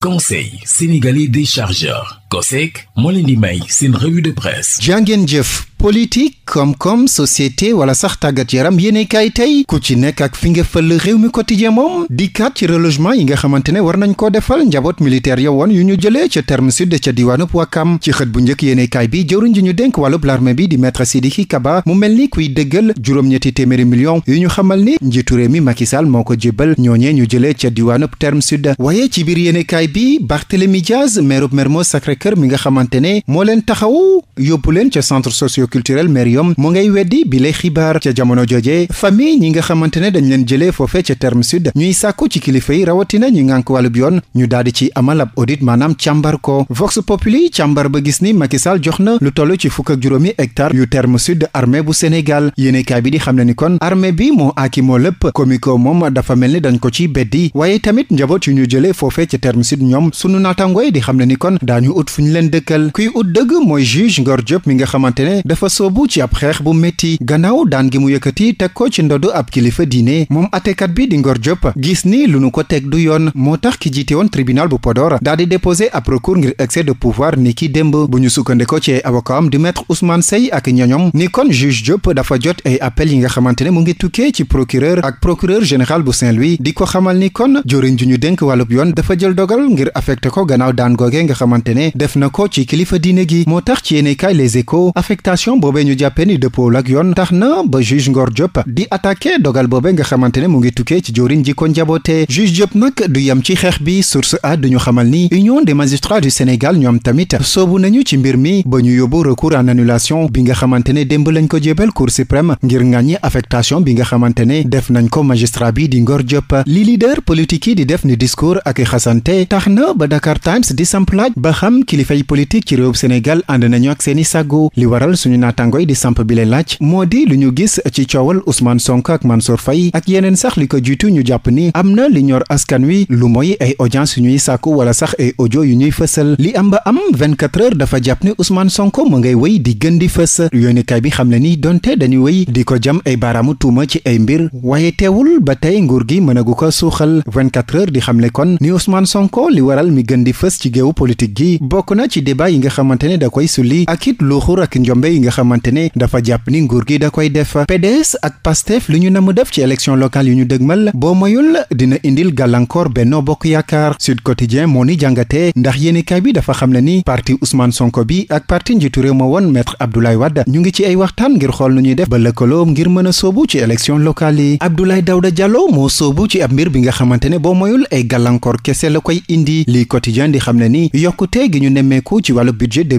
conseil sénégalais des chargeurs COSEC moo leen di may seen revue de presse jàngeen jëf politique koom-koom société wala sax tàggat yaram yéene kaay tey ku ci nekk ak fi nga fël réew mi quotidien moom di kat ci relogement yi nga xamante ne war nañ koo defal njaboot militaire ya yu ñu jëlee ca terme sud ca diwaanub Wakam ci xët bu njëkk yéene kaay bi jëwriñ ji ñu dénk wàllub l'armée bi di maître Sidiki Kaba mu mel ni kuy dëggal juróom-ñetti téeméeri million yu ñu xamal ni njiitu réew mi Macky Sall moo ko jébbal ñooñee ñu jëlee ca diwaanub terme sud waaye ci biir yéene kaay bi Barthélémy Diaz mairub Mermoz Sacré-Cœur mi nga xamante ne moo leen taxaw yóbbu leen centre socio culturel Maryam mu ngay weddi bile xibaar ca jamono jooje famille ñi nga xamante ne dañ leen jëlee foofe ca terme ñuy sàkku ci kilifa rawatina ñi ngànk wàllub yoon ñu daldi ci amal ab audit maanaam càmbar ko vox populi càmbar ba gis ni jox na lu toll ci fukk juróomi hectare yu terme sud bu Sénégal yéenekaay di xam ne kon armée bi moo aaki moo lépp komiko moom dafa mel ni dañ ko ci beddi waaye tamit njaboot yu ñu jëlee foofe ca terme dafa soobu ci ab xeex bu métti gannaaw daan gi mu yëkkati teg ko ci ndodu ab kilifa diine moom atekat bi di Ngor jopp gis ni lu nu ko teg du yoon moo tax ki jiite woon tribunal bu Podor daal di déposé ab recours ngir excès de pouvoir ni ki démb bu ñu sukkandeko ci avocat am di maître Ousmane Sey ak ñoñom ni kon juge Diop dafa jot ay appel yi nga xamante ne mu ngi tukkee ci procureur ak procureur général bu Saint-Louis di ko xamal ni kon joriñ ju ñu dénk wàllub yoon dafa jël dogal ngir affecté ko gannaaw daan googee nga xamante ne def na ko ci kilifa diine gi moo tax ci yéene kaay les convocation boobee ñu jàppee ni dëppoowul ak yoon tax na ba juge Ngor Diop di attaqué dogal boobe nga xamante ne moo ngi tukkee ci jëwriñ ji ko njabootee juge Diop nag du yem ci xeex bi source a duñu xamal ni union de magistrats du Sénégal ñoom tamit soobu nañu ci mbir mi ba ñu yóbbu recours en annulation bi nga xamante ne demb lañ ko jébal cour suprême ngir ŋàññi affectation bi nga xamante ne def nañ ko magistrat bi di Ngor Diop li leader politique yi di def ni discours ak xasante tax na ba Dakar di samp ba xam kilifay politique ci réewum Sénégal ànd nañu ak seeni sàggu li waral suñu naataango yi di samp bi leen laaj moo di lu ñu gis ci coowal Ousmane Sonko ak Mansour Faye ak yeneen sax li ko jiitu ñu jàpp ni am na li ñor askan wi lu mooy ay audience yu ñuy sàkku wala sax ay audio yu ñuy fësal li am ba am 24 heures dafa jàpp ni Ousmane Sonko mu ngay wéy di gën di fës yónnikaay bi xam ne ni donte dañuy wéy di ko jam ay baaraamu tuuma ci ay mbir waaye teewul ba tey nguur gi mën mënagu ko suuxal 24 heures di xam ne kon ni Ousmane Sonko li waral mi gën di fës ci géewu politique gi bokk na ci nga xamante ne dafa jàpp ni nguur gi da koy def PDS ak PASTEF lu ñu namu def ci élection locale yu ñu dëgmal boo moyul dina indil gàllankoor Benno Bokk Yaakaar Sud Quotidien moo ni jàngatee ndax yéenekaay bi dafa xam ne ni parti Ousmane Sonko bi ak parti njiitu réew ma woon maître Abdoulaye Wade ñu ngi ci ay waxtaan ngir xool nu ñuy def ba lëkkaloo ngir mën a soobu ci élection locale yi Abdoulaye Daouda Diallo moo soobu ci ab mbir bi nga xamante ne boo moyul ay gàllankoor kese la koy indi lii quotidien di xam ne ni yokkute gi ñu nemmeeku ci wàllu budget bi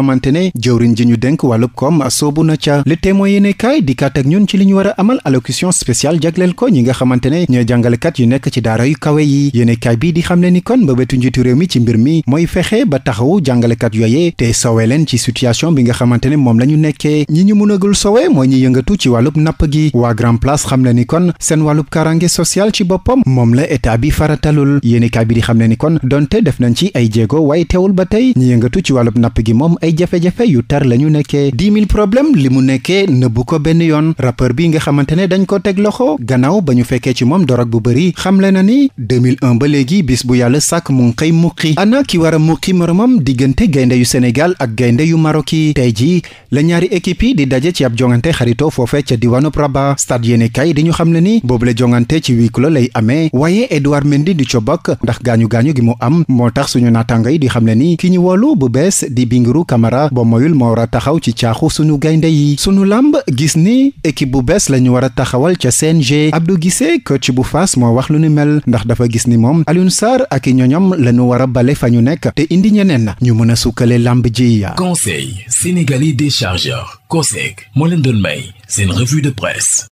xamante ne jëwriñ ji ñu dénk wàllub koom soobu na ca le témoin yéene kaay ñun ci li ñu war a amal allocution spéciale jagleel ko ñi nga xamante ne jàngalekat yu nekk ci daara yu kawe yi yéene bi di xam ne ni kon mbébétu njiitu réew mi ci mbir mi mooy fexe ba taxawu jàngalekat yooyee te sowe leen ci situation bi nga xamante moom la ñu nekkee ñi ñu mënagul sowe mooy ñi yëngatu ci wàllub napp gi waa grand place xam ne ni kon seen wàllub karange social ci boppam moom la état bi faratalul yéene kaay bi di xam ne ni kon donte def nañ ci ay jéego waaye teewul ba ay jafe-jafe yu tar la ñu nekkee dix mille problème li mu nekkee nëbbu ko benn yoon rappeur bi nga xamante ne dañ ko teg loxo gannaaw ba ñu fekkee ci moom dorog bu bëri xamle na ni 2001 ba léegi bis bu yàlla sàkk mu ngi xëy muqi ana ki war a muqi moromam diggante gaynde yu Sénégal ak gaynde yu Maroc yi tey jii la ñaari équipe yi di daje ci ab jongante xaritoo foofe ca diwaanub Rabat stade yéene kay di ñu xam ne ni boobu la jongante ci huis clos lay amee waaye Edouard Mendy di cobok ndax gaañu-gaañu gi mu am moo tax suñu naataanga yi di xam ne ni ki ñu woolu bu bees di bingiru Camara ba moyul moo war a taxaw ci caaxu sunu gaynde yi sunu làmb gis ni équipe bu bees la ñu war a taxawal ca seen CNG Abdou Guissé coach bu Fass moo wax lu ni mel ndax dafa gis ni moom Alioune Sarr ak i ñoñom la ñu war a bale fa ñu nekk te indi ñeneen ñu mën a sukkale làmb ji ya Conseil sénégalais des chargeurs COSEC moo leen doon may seen revue de presse